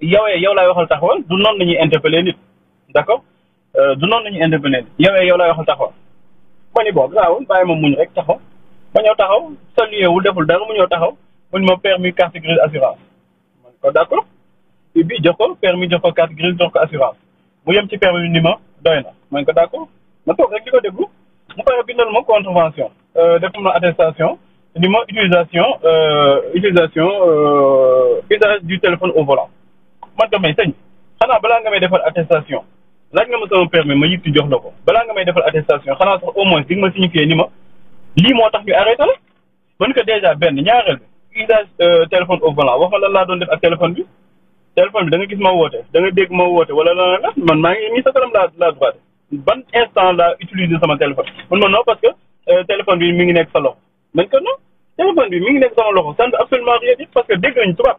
yow yow lay waxal taxawal du noonu la ñuy interpeller nit d'accord euh, du noonu la ñuy interpeller nit yow yow laay waxal taxawal ma ni bon garaawul bàyyi ma muñ rek taxaw ma ñëw taxaw salué wul deful dara mu ñëw taxaw mu ma permis carte grise assurance man ko d'accord bi bii jox ko permis jox ko carte grise jox ko assurance mu yem ci permis ni ma doy na man ko d'accord ma toog rek di ko déglu mu pare bindal ma contravention euh, defal ma attestation ni ma utilisation euh, utilisation usage du téléphone au volant man damay sëñ xanaa balaa nga may defal attestation laaj nga ma sama permis ma yitti jox la ko balaa nga may defal attestation xanaa sax au moins di nga ma signifier ni ma lii moo tax ñu arrêté la mën ko dèjà benn ñaareel bi usage euh, téléphone au volant wax ma lan laa doon def ak téléphone bi téléphone bi da nga gis ma woote da nga dégg ma woote wala la la man maa ngi ni sa kanam laa laa droite ban instant laa utiliser sama téléphone man ma non parce que euh, téléphone bi mi ngi nekk sa loxo man ko non téléphone bi mi ngi nekk sama loxo ça absolument rien dire parce que dégg nañ tubaab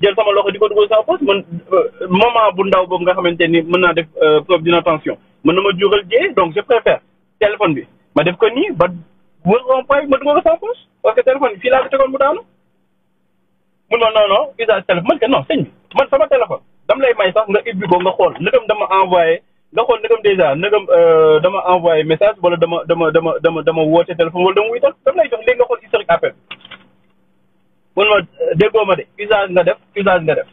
jël sama loxo di ko dugal sama poche man euh, moment bu ndaw boobu nga xamante ni mën naa def euh, preuve d'une attention mën na ma jural jiyee donc je préfère téléphone bi ma def ko nii ba wër rond-point ma dugal ko sama poche parce bi fii laa ko tegoon mu daanu mun ma non non usage man que non sëñ bi man sama téléphone dam lay may sax nga ubbi ko nga xool ndegam dama envoyé nga xool ndegam déjà ndegam euh, dama envoyé message wala dama dama dama dama dama woote téléphone wala dama wuy dam lay jox léegi nga xool historique appel mun ma euh, déggoo ma de usage nga def usage nga def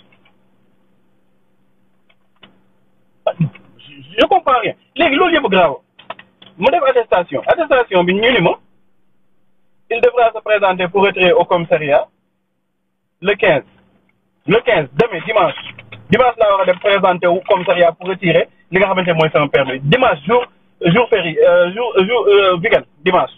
je comprends rien léegi loolu yëpp grave mu def attestation attestation bi ñu ni il devra se présenter pour retirer au commissariat le 15 le 15 demain dimanche dimanche laa war a def présenter au commissariat pour retirer li nga xamante mooy sama permis dimanche jour jour férié euh, jour jour euh, weekend dimanche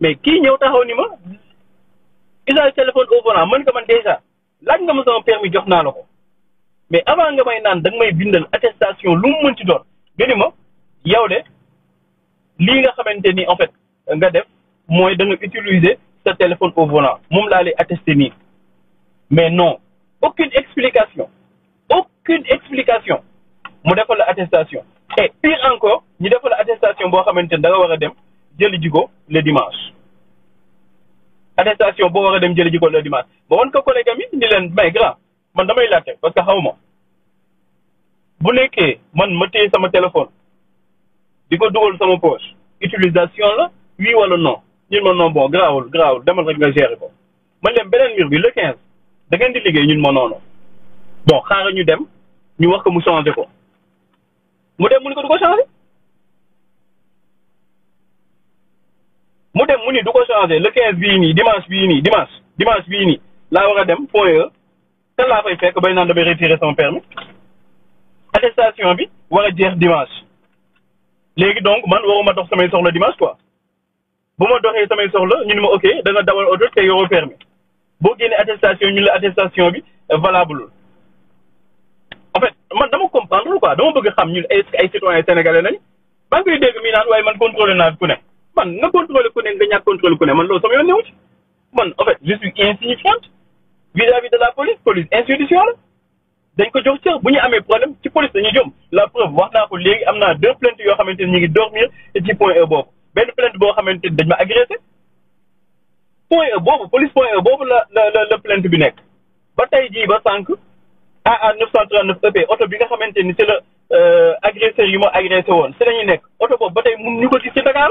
mais qui n'y taxaw ni ma téléphone au volant man ko man déjà nga permis mais avant nga may naan da attestation lu mu mën en fait nga def utiliser ce téléphone au volant Je laa lay mais non aucune explication aucune explication mu defal la attestation et pire encore ñu defal la attestation pas xamante da nga war le dimanche attestation boo war a dem jëli ji ko le dimanche ba wan ko collègue am ni leen may grand man damay laajte parce que xaw ma bu nekkee man ma téye sama téléphone di ko dugal sama poche utilisation la oui wala non ñun ma non bon grawul grawul demal rek nga gérer ko man leen beneen mur bi le quinze da ngeen di liggéey ñun ma noonu bon xaaral ñu dem ñu wax ko mu changé ko mu dem mu ne ko du ko changé mu dem mu ni du ko changé le 15 bii nii dimanche bii nii dimanche dimanche bii nii laa war a dem fooyee kan laa fay fekk bay naan damay retirer son permis attestation bi war a jeex dimanche léegi donc man waruma dox samay soxla dimanche quoi bu ma doxee samay soxla ñu ni ma ok da nga dawal oto te yoroo permis boo génnee attestation ñu la attestation bi valable en fait man dama comprendre quoi dama bëgg xam ñun ay ay citoyens sénégalais nañ maa ngi koy dégg mi naan waaye man contrôlé naa ku ne man nga contrôler ku ne nga ñàkk contrôler ku ne man loolu sama yoon newu ci man en fait je suis insignifiante vis-à-vis de la police police institution la dañ ko jox cër bu ñu amee problème ci police dañuy jëm la preuve wax naa ko léegi am naa deux plaintes yoo xamante ni ñu ngi dormir ci point E boobu benn plainte boo xamante ni dañ ma agressé point E boobu police point E boobu la la la la plainte bi nekk ba tey jii ba sànq AA 939 EP oto bi nga xamante ni c'est le euh, agresseur yi ma agressé woon si la ñuy nekk oto boobu ba tey mun ñu ko gis ci Dakar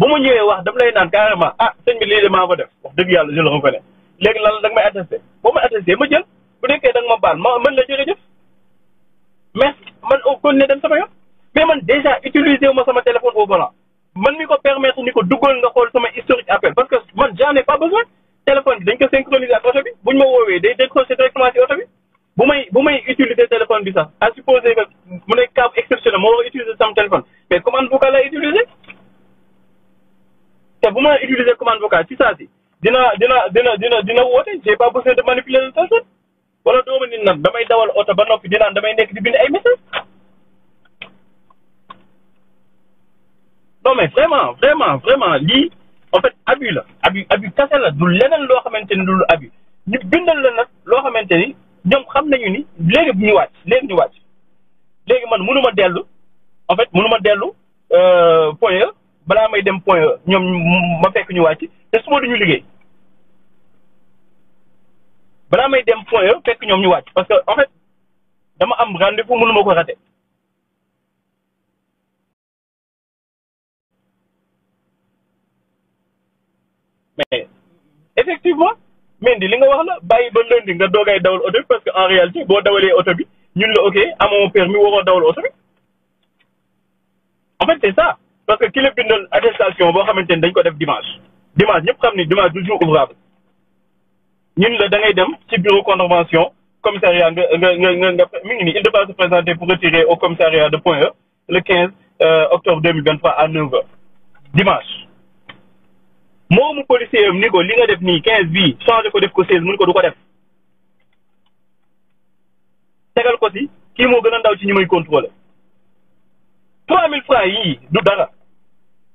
bu mu ñëwee wax dam lay naan carrément ah sëñ bi lii de maa ko def wax dëgg yàlla je le reconnais léegi lan la da nga may attesté boo may attesté ma jël bu nekkee da nga ma baal ma mën la jërëjëf mais man kon ne dem sama yoon mais man déjà utilisé wu sama téléphone au man mi ko permettre ni ko duggal nga xool sama historique appel parce que man j'en ai pas besoin téléphone bi dañ ko synchroniser ak bu ñu ma woowee day décroché directement ci dina utiliser commande vocale ci saa si dina dina dina dina dina woote j'ai pas besoin de manipuler le téléphone damay dawal oto ba noppi damay nekk di bind ay message non mais vraiment vraiment vraiment lii en fait abus la abus abus kase la du leneen loo xamante ni dul abus ñu bindal la nag loo xamante ni ñoom xam nañu ni léegi bu ñu wàcc léegi ñu wàcc léegi man mënu ma dellu en fait mënu ma dellu euh, point e. bala may dem point e, ñom ma fekk ñu wàcc te suba duñu liggéey bala may dem point e, fekk ñom ñu wàcc parce que en fait dama am rendez-vous mënu ma ko raté mais effectivement Mendy li nga wax la bàyyi ba lundi nga doogay dawal oto bi parce que en réalité boo dawalee oto bi ñun la ok amoo permis waroo dawal oto bi en fait c'est ça parce que ki la bindoon attestation bo xamante dañ ko def dimanche dimanche ñëpp xamni dimanche du jour ouvrable ñun la da ngay dem ci bureau contravention commissariat nga nga nga nga mi ngi nii il devra se présenter pour retirer au commissariat de Point E le 15 euh, octobre 2023 à 9h dimanche. momu policier ni ko li nga def ni 15 bi changé ko def ko 16 mu ko du ko def tegal ko ci ki mo gëna ndaw ci ñi may contrôler 3000 francs yi du dara.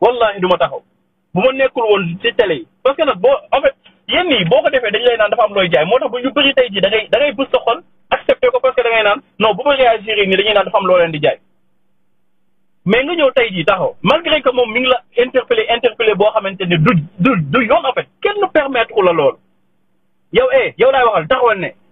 wallahi du ma taxaw bu ma nekkul woon ci télé yi parce que nag boo en fait yenn yi boo ko defee dañu lay naan dafa am looy jaay moo tax bu ñu bëri tey ji da ngay da ngay bës sa xol accepté ko parce que da naan no bu ma réagir nii dañuy naan dafa am loo di jaay mais nga ñëw tey jii taxaw malgré que moom mu ngi la interpellé interpellé boo xamante ne du du du yoon en fait kenn permettre la loolu yow eh yow laay waxal taxawal ne